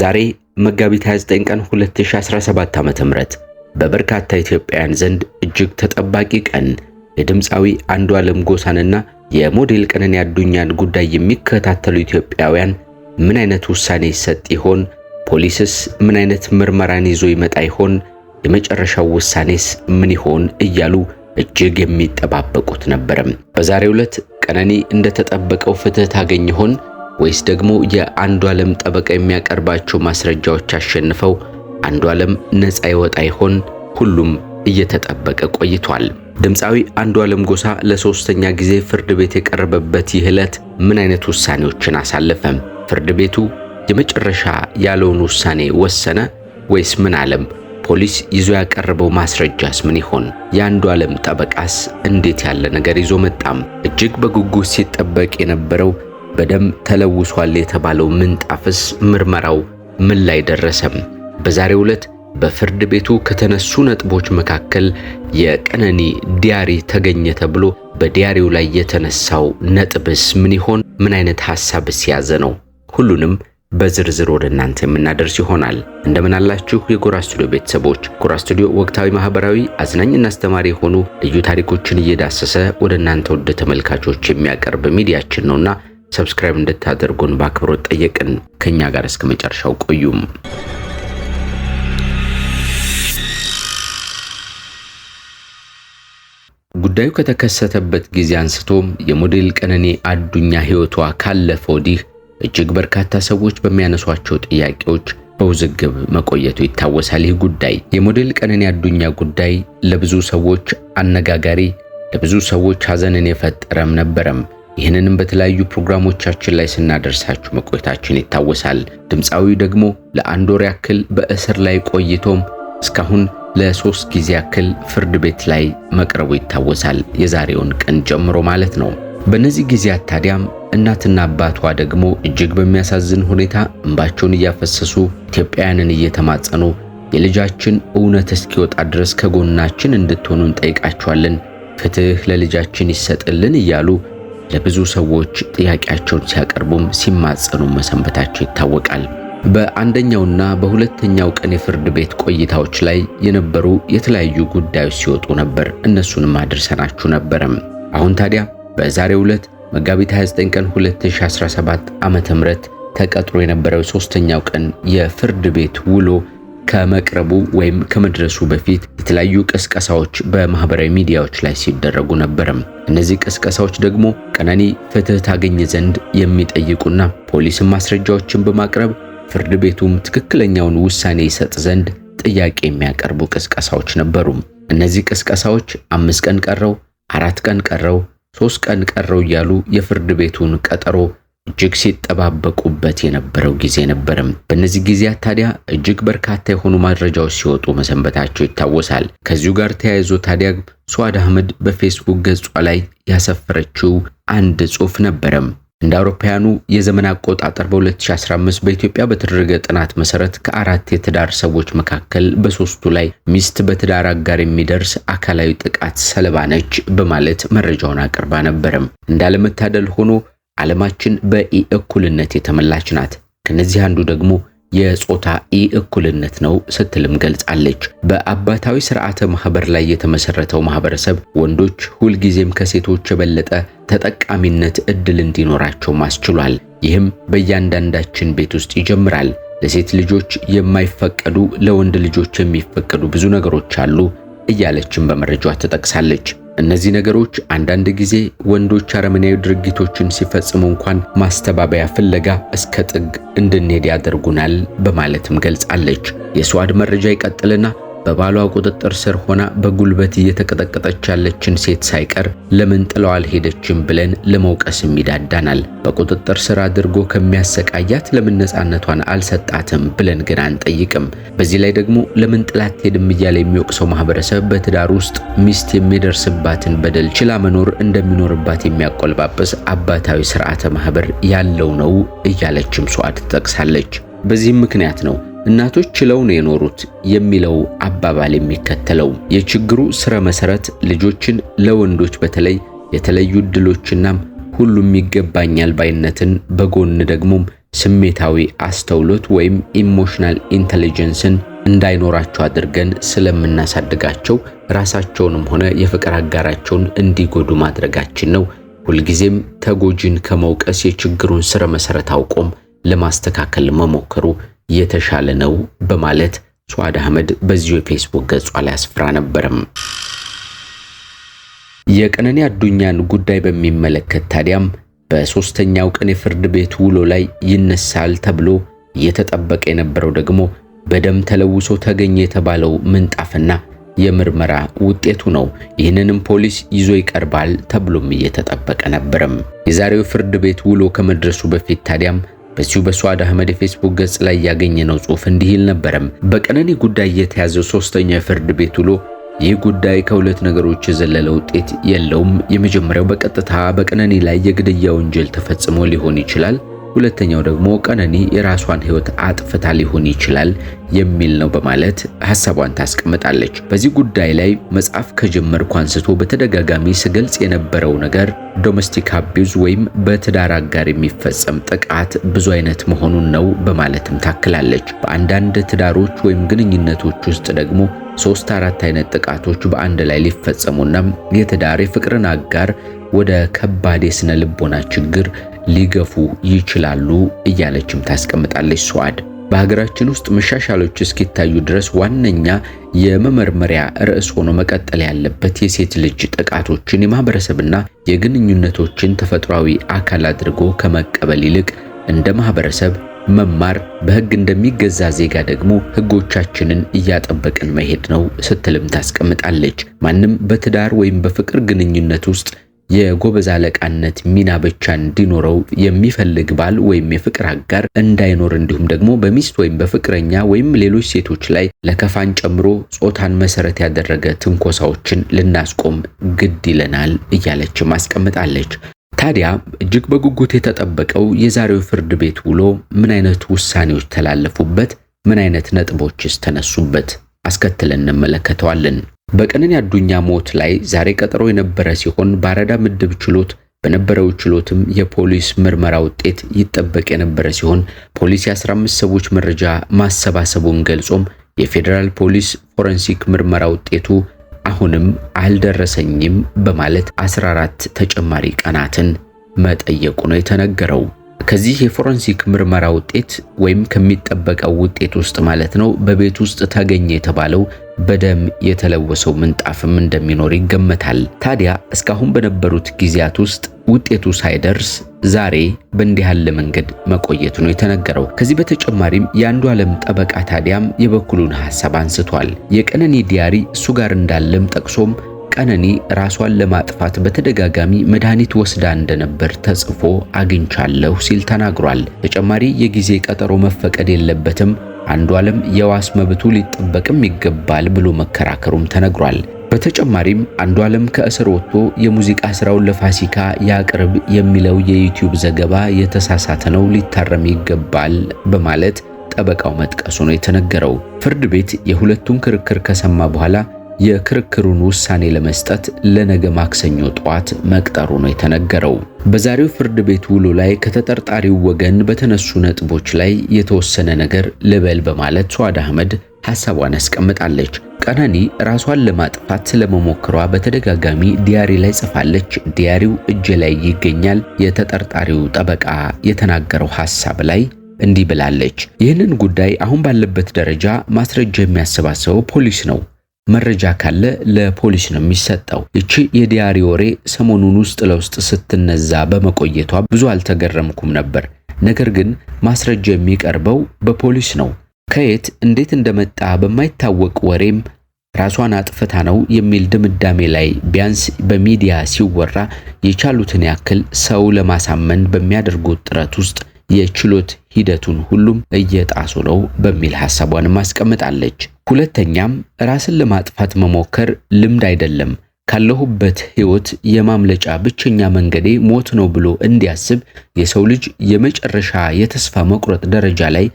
ዛሬ መጋቢት 29 ቀን 2017 ዓ.ም በበርካታ ኢትዮጵያውያን ዘንድ እጅግ ተጠባቂ ቀን የድምፃዊ አንዱዓለም ጎሳንና የሞዴል ቀነኒ አዱኛን ጉዳይ የሚከታተሉ ኢትዮጵያውያን ምን አይነት ውሳኔ ይሰጥ ይሆን? ፖሊስስ ምን አይነት ምርመራን ይዞ ይመጣ ይሆን? የመጨረሻው ውሳኔስ ምን ይሆን እያሉ እጅግ የሚጠባበቁት ነበር በዛሬው ዕለት ቀነኒ እንደተጠበቀው ፍትህ ታገኝ ይሆን? ወይስ ደግሞ የአንዱ ዓለም ጠበቃ የሚያቀርባቸው ማስረጃዎች አሸንፈው አንዱ ዓለም ነፃ ይወጣ ይሆን? ሁሉም እየተጠበቀ ቆይቷል። ድምፃዊ አንዱ ዓለም ጎሳ ለሶስተኛ ጊዜ ፍርድ ቤት የቀረበበት ይህ ዕለት ምን አይነት ውሳኔዎችን አሳለፈም? ፍርድ ቤቱ የመጨረሻ ያለውን ውሳኔ ወሰነ ወይስ ምን አለም? ፖሊስ ይዞ ያቀረበው ማስረጃስ ምን ይሆን? የአንዱ ዓለም ጠበቃስ እንዴት ያለ ነገር ይዞ መጣም? እጅግ በጉጉት ሲጠበቅ የነበረው በደም ተለውሷል የተባለው ምንጣፍስ ምርመራው ምን ላይ ደረሰም? በዛሬው ዕለት በፍርድ ቤቱ ከተነሱ ነጥቦች መካከል የቀነኒ ዲያሪ ተገኘ ተብሎ በዲያሪው ላይ የተነሳው ነጥብስ ምን ይሆን? ምን አይነት ሐሳብስ የያዘ ነው? ሁሉንም በዝርዝር ወደ እናንተ የምናደርስ ይሆናል። እንደምን አላችሁ የጎራ ስቱዲዮ ቤተሰቦች። ጎራ ስቱዲዮ ወቅታዊ፣ ማህበራዊ፣ አዝናኝና አስተማሪ የሆኑ ልዩ ታሪኮችን እየዳሰሰ ወደ እናንተ ወደ ተመልካቾች የሚያቀርብ ሚዲያችን ነውና ሰብስክራይብ እንድታደርጉን በአክብሮት ጠየቅን። ከኛ ጋር እስከ መጨረሻው ቆዩም። ጉዳዩ ከተከሰተበት ጊዜ አንስቶ የሞዴል ቀነኔ አዱኛ ሕይወቷ ካለፈ ወዲህ እጅግ በርካታ ሰዎች በሚያነሷቸው ጥያቄዎች በውዝግብ መቆየቱ ይታወሳል። ይህ ጉዳይ የሞዴል ቀነኔ አዱኛ ጉዳይ ለብዙ ሰዎች አነጋጋሪ፣ ለብዙ ሰዎች ሐዘንን የፈጠረም ነበረም። ይህንንም በተለያዩ ፕሮግራሞቻችን ላይ ስናደርሳችሁ መቆየታችን ይታወሳል። ድምፃዊው ደግሞ ለአንድ ወር ያክል በእስር ላይ ቆይቶም እስካሁን ለሶስት ጊዜ ያክል ፍርድ ቤት ላይ መቅረቡ ይታወሳል። የዛሬውን ቀን ጨምሮ ማለት ነው። በእነዚህ ጊዜያት ታዲያም እናትና አባቷ ደግሞ እጅግ በሚያሳዝን ሁኔታ እንባቸውን እያፈሰሱ ኢትዮጵያውያንን እየተማጸኑ የልጃችን እውነት እስኪወጣ ድረስ ከጎናችን እንድትሆኑ እንጠይቃቸዋለን፣ ፍትህ ለልጃችን ይሰጥልን እያሉ ለብዙ ሰዎች ጥያቄያቸውን ሲያቀርቡም ሲማጸኑ መሰንበታቸው ይታወቃል። በአንደኛውና በሁለተኛው ቀን የፍርድ ቤት ቆይታዎች ላይ የነበሩ የተለያዩ ጉዳዮች ሲወጡ ነበር። እነሱንም አድርሰናችሁ ነበረም። አሁን ታዲያ በዛሬው ዕለት መጋቢት 29 ቀን 2017 ዓ.ም ተቀጥሮ የነበረው ሶስተኛው ቀን የፍርድ ቤት ውሎ ከመቅረቡ ወይም ከመድረሱ በፊት የተለያዩ ቅስቀሳዎች በማህበራዊ ሚዲያዎች ላይ ሲደረጉ ነበርም። እነዚህ ቅስቀሳዎች ደግሞ ቀነኒ ፍትህ ታገኝ ዘንድ የሚጠይቁና ፖሊስም ማስረጃዎችን በማቅረብ ፍርድ ቤቱም ትክክለኛውን ውሳኔ ይሰጥ ዘንድ ጥያቄ የሚያቀርቡ ቅስቀሳዎች ነበሩ። እነዚህ ቅስቀሳዎች አምስት ቀን ቀረው፣ አራት ቀን ቀረው፣ ሶስት ቀን ቀረው እያሉ የፍርድ ቤቱን ቀጠሮ እጅግ ሲጠባበቁበት የነበረው ጊዜ ነበርም። በእነዚህ ጊዜያት ታዲያ እጅግ በርካታ የሆኑ መረጃዎች ሲወጡ መሰንበታቸው ይታወሳል። ከዚሁ ጋር ተያይዞ ታዲያ ሱአድ አህመድ በፌስቡክ ገጿ ላይ ያሰፈረችው አንድ ጽሑፍ ነበረም። እንደ አውሮፓውያኑ የዘመን አቆጣጠር በ2015 በኢትዮጵያ በተደረገ ጥናት መሰረት ከአራት የትዳር ሰዎች መካከል በሶስቱ ላይ ሚስት በትዳር አጋር የሚደርስ አካላዊ ጥቃት ሰለባ ነች በማለት መረጃውን አቅርባ ነበረም። እንዳለመታደል ሆኖ ዓለማችን በኢ እኩልነት የተመላች ናት። ከነዚህ አንዱ ደግሞ የጾታ ኢ እኩልነት ነው ስትልም ገልጻለች። በአባታዊ ስርዓተ ማህበር ላይ የተመሰረተው ማህበረሰብ ወንዶች ሁልጊዜም ከሴቶች የበለጠ ተጠቃሚነት እድል እንዲኖራቸው ማስችሏል። ይህም በእያንዳንዳችን ቤት ውስጥ ይጀምራል። ለሴት ልጆች የማይፈቀዱ ለወንድ ልጆች የሚፈቀዱ ብዙ ነገሮች አሉ እያለችም በመረጃዋ ትጠቅሳለች። እነዚህ ነገሮች አንዳንድ ጊዜ ወንዶች አረመኔያዊ ድርጊቶችን ሲፈጽሙ እንኳን ማስተባበያ ፍለጋ እስከ ጥግ እንድንሄድ ያደርጉናል በማለትም ገልጻለች። የስዋድ መረጃ ይቀጥልና በባሏ ቁጥጥር ስር ሆና በጉልበት እየተቀጠቀጠች ያለችን ሴት ሳይቀር ለምን ጥለው አልሄደችም ብለን ለመውቀስም ይዳዳናል። በቁጥጥር ስር አድርጎ ከሚያሰቃያት ለምን ነፃነቷን አልሰጣትም ብለን ግን አንጠይቅም። በዚህ ላይ ደግሞ ለምን ጥላት ሄድም እያለ የሚወቅሰው ማህበረሰብ በትዳር ውስጥ ሚስት የሚደርስባትን በደል ችላ መኖር እንደሚኖርባት የሚያቆልባበስ አባታዊ ስርዓተ ማህበር ያለው ነው እያለችም ሰዋ ትጠቅሳለች። በዚህም ምክንያት ነው እናቶች ችለው ነው የኖሩት የሚለው አባባል የሚከተለው የችግሩ ስረ መሰረት ልጆችን ለወንዶች በተለይ የተለዩ እድሎችና ሁሉም ይገባኛል ባይነትን በጎን ደግሞ ስሜታዊ አስተውሎት ወይም ኢሞሽናል ኢንተለጀንስን እንዳይኖራቸው አድርገን ስለምናሳድጋቸው ራሳቸውንም ሆነ የፍቅር አጋራቸውን እንዲጎዱ ማድረጋችን ነው። ሁልጊዜም ተጎጂን ከመውቀስ የችግሩን ስረ መሰረት አውቆም ለማስተካከል መሞከሩ የተሻለ ነው በማለት ሱአድ አህመድ በዚሁ የፌስቡክ ገጿ ላይ አስፍራ ነበርም። የቀነኒ አዱኛን ጉዳይ በሚመለከት ታዲያም በሶስተኛው ቀን የፍርድ ቤት ውሎ ላይ ይነሳል ተብሎ እየተጠበቀ የነበረው ደግሞ በደም ተለውሶ ተገኘ የተባለው ምንጣፍና የምርመራ ውጤቱ ነው። ይህንንም ፖሊስ ይዞ ይቀርባል ተብሎም እየተጠበቀ ነበርም። የዛሬው ፍርድ ቤት ውሎ ከመድረሱ በፊት ታዲያም በዚሁ በሱአድ አህመድ የፌስቡክ ገጽ ላይ ያገኘነው ጽሑፍ እንዲህ ይል ነበረም። በቀነኒ ጉዳይ የተያዘው ሶስተኛው የፍርድ ቤት ውሎ ይህ ጉዳይ ከሁለት ነገሮች የዘለለ ውጤት የለውም። የመጀመሪያው በቀጥታ በቀነኒ ላይ የግድያ ወንጀል ተፈጽሞ ሊሆን ይችላል። ሁለተኛው ደግሞ ቀነኒ የራሷን ህይወት አጥፍታ ሊሆን ይችላል የሚል ነው በማለት ሀሳቧን ታስቀምጣለች። በዚህ ጉዳይ ላይ መጽሐፍ ከጀመርኩ አንስቶ በተደጋጋሚ ስገልጽ የነበረው ነገር ዶሜስቲክ አቢዩዝ ወይም በትዳር አጋር የሚፈጸም ጥቃት ብዙ አይነት መሆኑን ነው በማለትም ታክላለች። በአንዳንድ ትዳሮች ወይም ግንኙነቶች ውስጥ ደግሞ ሶስት አራት አይነት ጥቃቶች በአንድ ላይ ሊፈጸሙና የትዳር የፍቅርን አጋር ወደ ከባድ የስነ ልቦና ችግር ሊገፉ ይችላሉ እያለችም ታስቀምጣለች ሱዓድ። በሀገራችን ውስጥ መሻሻሎች እስኪታዩ ድረስ ዋነኛ የመመርመሪያ ርዕስ ሆኖ መቀጠል ያለበት የሴት ልጅ ጥቃቶችን የማህበረሰብና የግንኙነቶችን ተፈጥሯዊ አካል አድርጎ ከመቀበል ይልቅ እንደ ማህበረሰብ መማር በህግ እንደሚገዛ ዜጋ ደግሞ ህጎቻችንን እያጠበቅን መሄድ ነው ስትልም ታስቀምጣለች። ማንም በትዳር ወይም በፍቅር ግንኙነት ውስጥ የጎበዝ አለቃነት ሚና ብቻ እንዲኖረው የሚፈልግ ባል ወይም የፍቅር አጋር እንዳይኖር እንዲሁም ደግሞ በሚስት ወይም በፍቅረኛ ወይም ሌሎች ሴቶች ላይ ለከፋን ጨምሮ ጾታን መሰረት ያደረገ ትንኮሳዎችን ልናስቆም ግድ ይለናል እያለች ማስቀምጣለች። ታዲያ እጅግ በጉጉት የተጠበቀው የዛሬው ፍርድ ቤት ውሎ ምን አይነት ውሳኔዎች ተላለፉበት? ምን አይነት ነጥቦችስ ተነሱበት? አስከትለን እንመለከተዋለን። በቀነኒ አዱኛ ሞት ላይ ዛሬ ቀጠሮ የነበረ ሲሆን በአራዳ ምድብ ችሎት በነበረው ችሎትም የፖሊስ ምርመራ ውጤት ይጠበቅ የነበረ ሲሆን ፖሊስ የ15 ሰዎች መረጃ ማሰባሰቡን ገልጾም የፌዴራል ፖሊስ ፎረንሲክ ምርመራ ውጤቱ አሁንም አልደረሰኝም በማለት 14 ተጨማሪ ቀናትን መጠየቁ ነው የተነገረው። ከዚህ የፎረንሲክ ምርመራ ውጤት ወይም ከሚጠበቀው ውጤት ውስጥ ማለት ነው በቤት ውስጥ ተገኘ የተባለው በደም የተለወሰው ምንጣፍም እንደሚኖር ይገመታል። ታዲያ እስካሁን በነበሩት ጊዜያት ውስጥ ውጤቱ ሳይደርስ ዛሬ በእንዲህ ያለ መንገድ መቆየት ነው የተነገረው። ከዚህ በተጨማሪም የአንዱ ዓለም ጠበቃ ታዲያም የበኩሉን ሐሳብ አንስቷል። የቀነኒ ዲያሪ እሱ ጋር እንዳለም ጠቅሶም ቀነኒ ራሷን ለማጥፋት በተደጋጋሚ መድኃኒት ወስዳ እንደነበር ተጽፎ አግኝቻለሁ ሲል ተናግሯል። ተጨማሪ የጊዜ ቀጠሮ መፈቀድ የለበትም አንዱ ዓለም የዋስ መብቱ ሊጠበቅም ይገባል ብሎ መከራከሩም ተነግሯል። በተጨማሪም አንዱ ዓለም ከእስር ወጥቶ የሙዚቃ ስራውን ለፋሲካ ያቅርብ የሚለው የዩቲዩብ ዘገባ የተሳሳተ ነው፣ ሊታረም ይገባል በማለት ጠበቃው መጥቀሱ ነው የተነገረው። ፍርድ ቤት የሁለቱን ክርክር ከሰማ በኋላ የክርክሩን ውሳኔ ለመስጠት ለነገ ማክሰኞ ጠዋት መቅጠሩ ነው የተነገረው። በዛሬው ፍርድ ቤት ውሎ ላይ ከተጠርጣሪው ወገን በተነሱ ነጥቦች ላይ የተወሰነ ነገር ልበል በማለት ሷድ አህመድ ሐሳቧን አስቀምጣለች። ቀነኒ ራሷን ለማጥፋት ስለመሞክሯ በተደጋጋሚ ዲያሪ ላይ ጽፋለች። ዲያሪው እጅ ላይ ይገኛል። የተጠርጣሪው ጠበቃ የተናገረው ሐሳብ ላይ እንዲህ ብላለች። ይህንን ጉዳይ አሁን ባለበት ደረጃ ማስረጃ የሚያሰባስበው ፖሊስ ነው። መረጃ ካለ ለፖሊስ ነው የሚሰጠው። ይቺ የዲያሪ ወሬ ሰሞኑን ውስጥ ለውስጥ ስትነዛ በመቆየቷ ብዙ አልተገረምኩም ነበር። ነገር ግን ማስረጃ የሚቀርበው በፖሊስ ነው። ከየት እንዴት እንደመጣ በማይታወቅ ወሬም ራሷን አጥፍታ ነው የሚል ድምዳሜ ላይ ቢያንስ በሚዲያ ሲወራ የቻሉትን ያክል ሰው ለማሳመን በሚያደርጉት ጥረት ውስጥ የችሎት ሂደቱን ሁሉም እየጣሱ ነው በሚል ሐሳቧንም አስቀምጣለች። ሁለተኛም ራስን ለማጥፋት መሞከር ልምድ አይደለም፣ ካለሁበት ሕይወት የማምለጫ ብቸኛ መንገዴ ሞት ነው ብሎ እንዲያስብ የሰው ልጅ የመጨረሻ የተስፋ መቁረጥ ደረጃ ላይ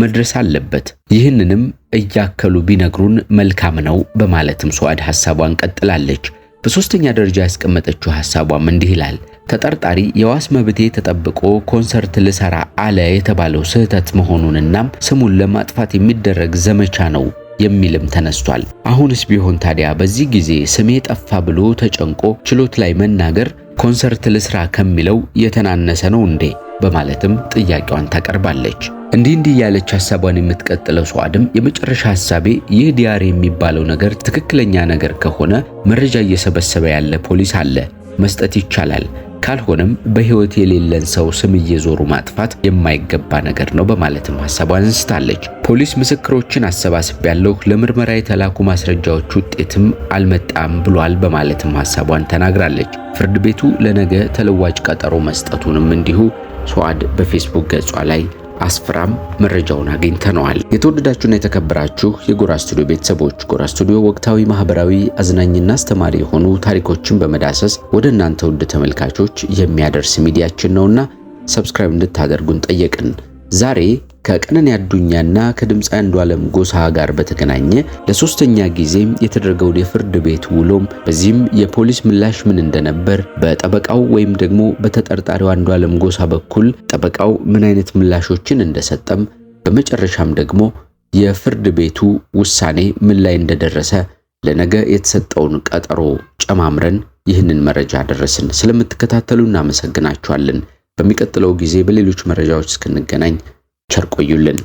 መድረስ አለበት። ይህንንም እያከሉ ቢነግሩን መልካም ነው በማለትም ሱዓድ ሐሳቧን ቀጥላለች። በሶስተኛ ደረጃ ያስቀመጠችው ሐሳቧም እንዲህ ይላል። ተጠርጣሪ የዋስ መብቴ ተጠብቆ ኮንሰርት ልሰራ አለ የተባለው ስህተት መሆኑን እናም ስሙን ለማጥፋት የሚደረግ ዘመቻ ነው የሚልም ተነስቷል። አሁንስ ቢሆን ታዲያ በዚህ ጊዜ ስሜ ጠፋ ብሎ ተጨንቆ ችሎት ላይ መናገር ኮንሰርት ልስራ ከሚለው የተናነሰ ነው እንዴ? በማለትም ጥያቄዋን ታቀርባለች። እንዲህ እንዲህ ያለች ሐሳቧን የምትቀጥለው ሱአድም የመጨረሻ ሐሳቤ ይህ የሚባለው ነገር ትክክለኛ ነገር ከሆነ መረጃ እየሰበሰበ ያለ ፖሊስ አለ መስጠት ይቻላል ካልሆነም በህይወት የሌለን ሰው ስም እየዞሩ ማጥፋት የማይገባ ነገር ነው በማለትም ሀሳቧን አንስታለች። ፖሊስ ምስክሮችን ያለው ለምርመራ የተላኩ ማስረጃዎች ውጤትም አልመጣም ብሏል በማለትም ሀሳቧን ተናግራለች። ፍርድ ቤቱ ለነገ ተለዋጭ ቀጠሮ መስጠቱንም እንዲሁ ሶአድ በፌስቡክ ገጿ ላይ አስፍራም መረጃውን አግኝተነዋል። የተወደዳችሁና የተከበራችሁ የጎራ ስቱዲዮ ቤተሰቦች፣ ጎራ ስቱዲዮ ወቅታዊ፣ ማህበራዊ፣ አዝናኝና አስተማሪ የሆኑ ታሪኮችን በመዳሰስ ወደ እናንተ ውድ ተመልካቾች የሚያደርስ ሚዲያችን ነውና ሰብስክራይብ እንድታደርጉን ጠየቅን። ዛሬ ከቀነኒ አዱኛና ከድምፃ ዓለም ጎሳ ጋር በተገናኘ ለሶስተኛ ጊዜ የተደረገውን የፍርድ ቤት ውሎም በዚህም የፖሊስ ምላሽ ምን እንደነበር በጠበቃው ወይም ደግሞ በተጠርጣሪው አንዱ ዓለም ጎሳ በኩል ጠበቃው ምን አይነት ምላሾችን እንደሰጠም በመጨረሻም ደግሞ የፍርድ ቤቱ ውሳኔ ምን ላይ እንደደረሰ ለነገ የተሰጠውን ቀጠሮ ጨማምረን ይህንን መረጃ አደረስን። ስለምትከታተሉ እናመሰግናችኋለን። በሚቀጥለው ጊዜ በሌሎች መረጃዎች እስክንገናኝ ቸር ቆዩልን።